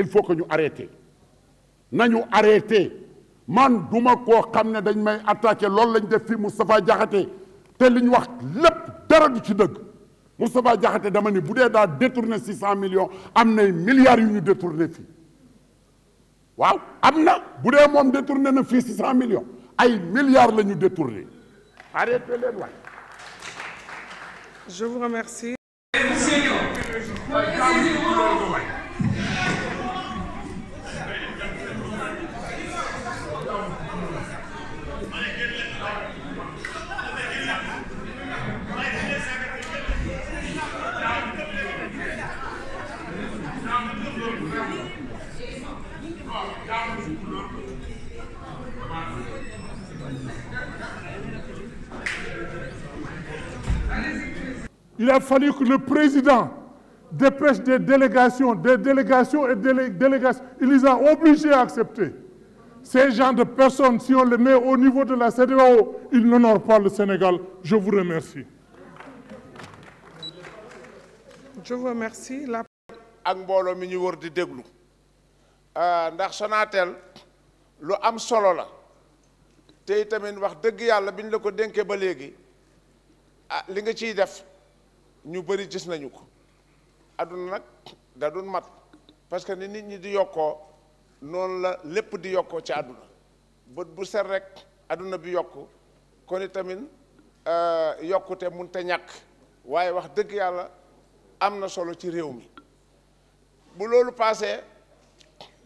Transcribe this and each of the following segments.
il faut que ñu arrêté nañu arrêté man duma koo xam ne dañ may attaqué loolu lañ def fi Moustapha Diakhaté te li ñu wax lépp dara du ci dëgg Moustapha Diakhaté dama ni bu dee daa détourné six cent millions am nay milliards yu ñu détourné fii waaw am na bu dee moom détourné na fii six cent millions ay milliards la ñu détourné leen waay. il a fallu que le président dépêche des délégations, des délégations et des délégations. Il les de personnes, si on au niveau de la CDAO, ils n'honorent pas le Sénégal. Je vous ak mbooloo mi ñu wër di déglu ah, ndax Sonatel lu am solo la te tamit wax dëgg yàlla bi la ko dénkee ba léegi a ah, li nga ciy def ñu bëri gis nañu ko àdduna nag da doon mat parce que ni nit ñi di yokkoo noonu la lépp di yokkoo ci àdduna bët bu set rek àdduna bi yokku kon itamit euh, yokkute mun te ñàkk waaye wax dëgg yàlla am na solo ci réew mi bu loolu paasee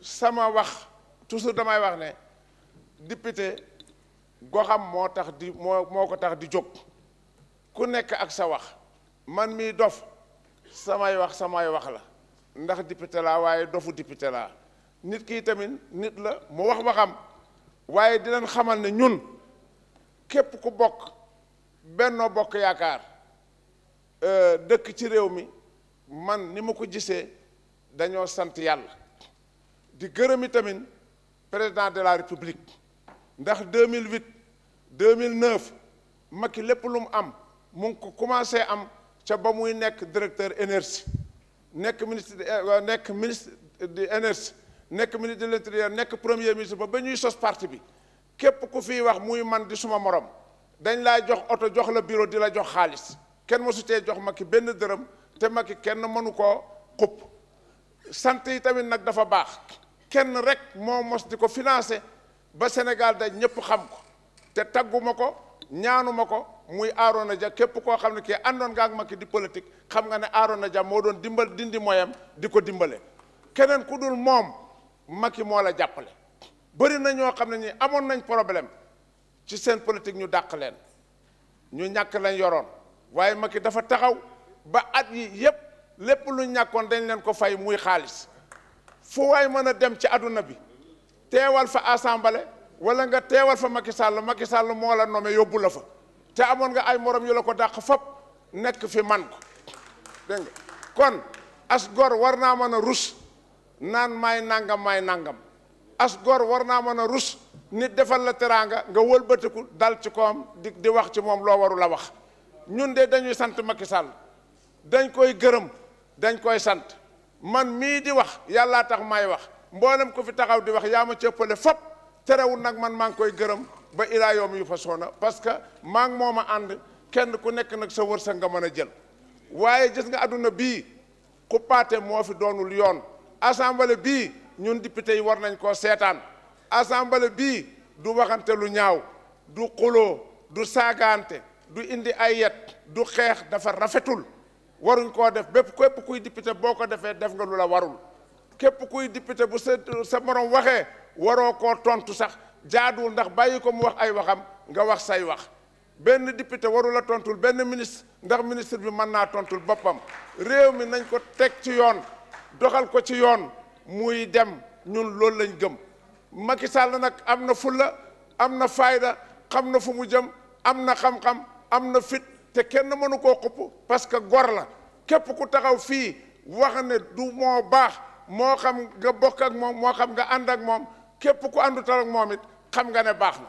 sama wax toujours damay wax ne député goxam moo tax di moo moo ko tax di jóg ku nekk ak sa wax man mii dof samay wax samay wax la ndax député laa waaye dofu député laa nit kii tamit nit la mu wax waxam waaye di leen xamal ne ñun képp ku bokk Benno Bokk Yaakaar euh, dëkk ci réew mi man ni ma ko gisee dañoo sant yàlla di gërëm gërëmi tamit président de la république ndax mille 2008 2009 Macky lépp lu mu am mu ko commencé am ca ba muy nekk directeur énergie nekk ministre de euh, nekk ministre de énergie nekk ministre de l'intérieur nekk premier ministre ba ba ñuy sos parti bi képp ku fi wax muy man di suma morom dañ laa jox oto jox la bureau di la jox xaalis kenn mosu tee jox Macky benn dërëm te Macky kenn mënu ko xupp sant yi tamit nag dafa baax kenn rek moo mos di ko financé ba Sénégal daj ñëpp xam ko te tagguma ko ñaanuma ko muy Arouna Dia képp koo xam ne kii àndoon nga ak Macky di politique xam nga ne Arouna Dia moo doon dimbal dindi moyam di ko dimbale keneen ku dul moom Macky moo la jàppale bëri na ñoo xam ne ñi amoon nañ problème ci seen politique ñu dàq leen ñu ñàkk lañ yoroon waaye Macky dafa taxaw ba at yi yépp lépp lu ñàkkoon dañ leen ko fay muy xaalis fu waay mën a dem ci àdduna bi teewal fa assemblée wala nga teewal fa Macky Sall Macky Sall moo la yóbbu la fa te amoon nga ay moroom yu la ko dàq fop nekk fi man ko dégg nga kon as gor war naa mën a rus naan may nangam maay nangam as gor war naa mën a rus nit defal la teraanga nga wëlbatiku dal ci koom di di wax ci moom loo waru la wax ñun de dañuy sant Macky Sall dañ koy gërëm dañ koy sant man mii di wax yàllaa tax may wax mboolem ko fi taxaw di wax yaa ma cëppale fop terewul nag man maa ngi koy gërëm ba ilaa yoom yu fa soona parce que maa ngi moom ànd kenn ku nekk nag sa wërsëg nga mën a jël waaye gis nga àdduna bii ku moo fi doonul yoon assemblée bii ñun député yi war nañ koo seetaan assemblée bii du waxante lu ñaaw du xuloo du saagaante du indi ay yet du xeex dafa rafetul waruñ koo def bépp képp kuy député boo ko defee def nga lu la warul képp kuy député bu sa sa morom waxee waroo koo tontu sax jaaduwul ndax bàyyi ko mu wax ay waxam nga wax say wax benn député warula tontul benn ministre ndax ministre bi mën naa tontul boppam réew mi nañ ko teg ci yoon doxal ko ci yoon muy dem ñun loolu lañ gëm Macky Sall nag am na fulla am na fayda xam na fu mu jëm am na xam-xam am na fit te kenn mënu koo xupp parce que gor la képp ku taxaw fii wax ne du moo baax moo xam nga bokk ak moom moo xam nga ànd ak moom képp ku àndutal ak moom it xam nga ne baax na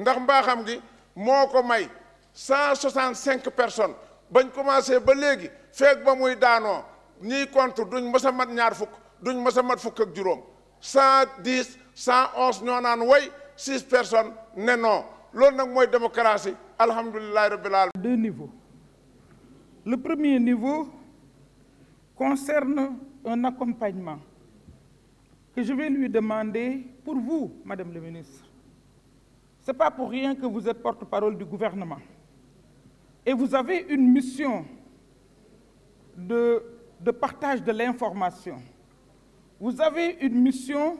ndax mbaaxam gi moo ko may cent soixante cinq personnes bañ commencé ba léegi feeg ba muy daanoo ñiy contre duñ mës a mat ñaar fukk duñ mës a mat fukk ak juróom cent dix cent onze ñoo naan way six personnes ne non loolu nag mooy démocratie alhamdulilah rabbil alamin deux niveaux le premier niveau concerne un accompagnement que je vais lui demander pour vous madame le ministre Ce n'est pas pour rien que vous êtes porte-parole du gouvernement. Et vous avez une mission de, de partage de l'information. Vous avez une mission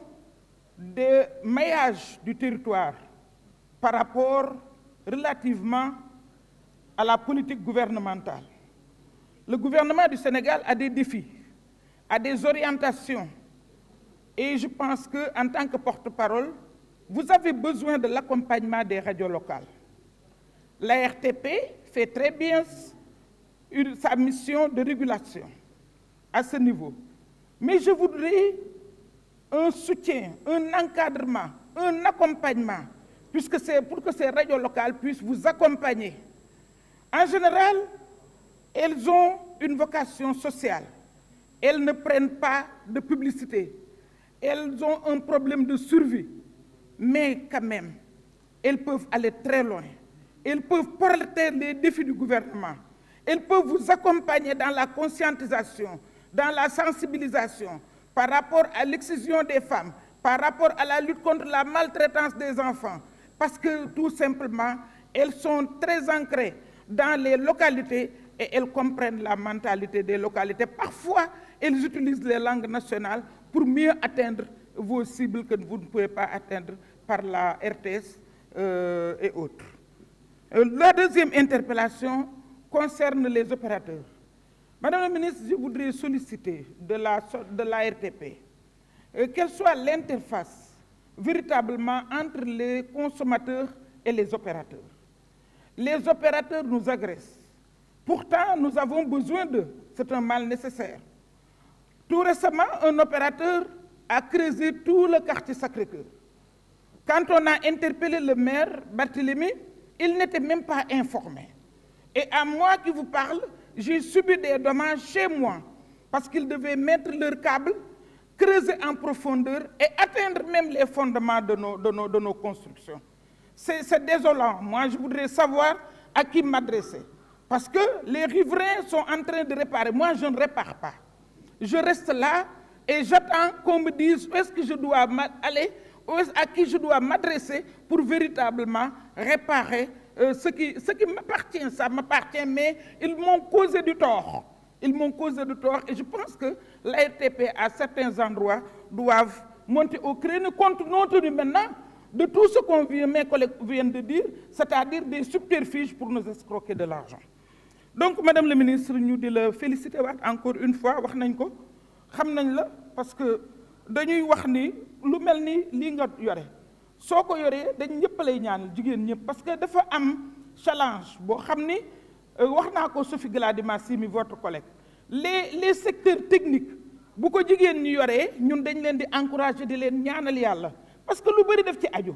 de maillage du territoire par rapport relativement à la politique gouvernementale. Le gouvernement du Sénégal a des défis, a des orientations. Et je pense qu'en tant que porte-parole, Vous avez besoin de l'accompagnement des radios locales. La RTP fait très bien sa mission de régulation à ce niveau. Mais je voudrais un soutien, un encadrement, un accompagnement, puisque c'est pour que ces radios locales puissent vous accompagner. En général, elles ont une vocation sociale. Elles ne prennent pas de publicité. Elles ont un problème de survie. mais quand même, elles peuvent aller très loin. Elles peuvent porter les défis du gouvernement. Elles peuvent vous accompagner dans la conscientisation, dans la sensibilisation par rapport à l'excision des femmes, par rapport à la lutte contre la maltraitance des enfants, parce que tout simplement, elles sont très ancrées dans les localités et elles comprennent la mentalité des localités. Parfois, elles utilisent les langues nationales pour mieux atteindre vos cibles que vous ne pouvez pas atteindre par la RTS euh, et autres. Euh, la deuxième interpellation concerne les opérateurs. Madame la ministre, je voudrais solliciter de la, de la RTP euh, quelle soit l'interface véritablement entre les consommateurs et les opérateurs. Les opérateurs nous agressent. Pourtant, nous avons besoin d'eux. C'est un mal nécessaire. Tout récemment, un opérateur a creusé tout le quartier Sacré-Cœur. Quand on a interpellé le maire Barthélémy, il n'était même pas informé. Et à moi qui vous parle, j'ai subi des dommages chez moi parce qu'ils devaient mettre leurs câbles, creuser en profondeur et atteindre même les fondements de nos, de nos, de nos constructions. C'est désolant. Moi, je voudrais savoir à qui m'adresser. Parce que les riverains sont en train de réparer. Moi, je ne répare pas. Je reste là Et j'attends qu'on dise où est-ce que je dois aller, où est à qui je dois m'adresser pour véritablement réparer euh, ce qui, ce qui m'appartient. Ça m'appartient, mais ils m'ont causé du tort. Ils m'ont causé du tort et je pense que l'ARTP, à certains endroits, doivent monter au créneau compte non tenu maintenant de tout ce qu'on vient, mes collègues viennent de dire, c'est-à-dire des subterfuges pour nous escroquer de l'argent. Donc, Madame la Ministre, nous de le féliciter encore une fois, xam nañ la parce que dañuy wax ni lu mel ni lii nga yore soo ko yoree dañ ñëpp lay ñaanal jigéen ñëpp parce que dafa am challenge boo xam ni euh, wax naa ko Sophie Gladima Simi votre collègue les les secteurs technique bu ko jigéen ñi yoree ñun dañ leen di encourager di leen ñaanal yàlla parce que lu bëri def ci aju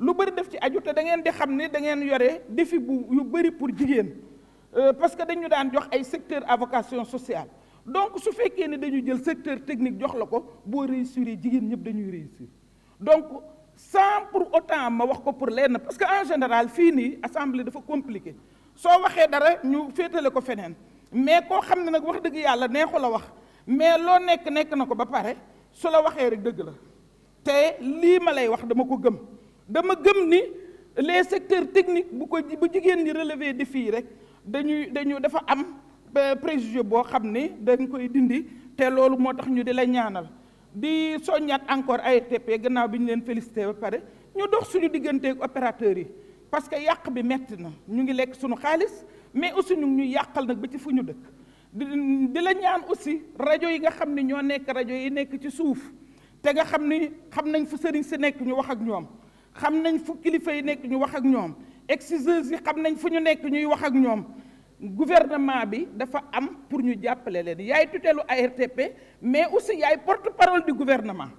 lu bëri def ci aju te da ngeen di xam ni da ngeen yore défi bu yu bëri pour jigéen euh, parce que dañu daan jox ay secteurs à vocation sociale donc su fekkee ne dañu jël secteur technique jox la ko boo réussir jigéen ñëpp dañuy réussir donc sans pour autant ma wax ko pour lenn parce que en général fii nii assemblée dafa compliqué soo waxee dara ñu féetale ko feneen mais koo xam ne nag wax dëgg yàlla neexu la wax mais loo nekk nekk na ko ba pare su la waxee rek dëgg la te lii ma lay wax dama ko gëm dama gëm ni les secteurs techniques bu ko bu jigéen ñi relever fii rek dañuy dañu dafa am préjugé boo xam ni dañ koy dindi te loolu moo tax ñu di la ñaanal di soññaat encore ARTP gannaaw bi ñu leen félicité ba pare ñu dox suñu digganteeg opérateurs yi parce que yàq bi metti na ñu ngi lekk suñu xaalis mais aussi ñu ngi ñuy yàqal nag ba ci fu ñu dëkk di la ñaan aussi rajo yi nga xam ne ñoo nekk rajo yi nekk ci suuf te nga xam ni xam nañ fu sëriñ si nekk ñu wax ak ñoom xam nañ fu kilifa yi nekk ñu wax ak ñoom exciseurs yi xam nañ fu ñu nekk ñuy wax ak ñoom gouvernement bi dafa am pour ñu jàppale leen yaay tutelu ARTP mais aussi yaay porte-parole du gouvernement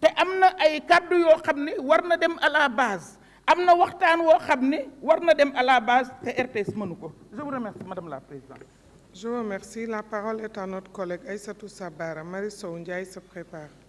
te am na ay kàddu yoo xam ne war na dem à la base am na waxtaan woo xam ne war na dem à la base te RTS mënu ko je vous remercie madame la présidente. je vous la parole est à notre collègue Aïssatou Sabara Sow Ndiaye se prépare.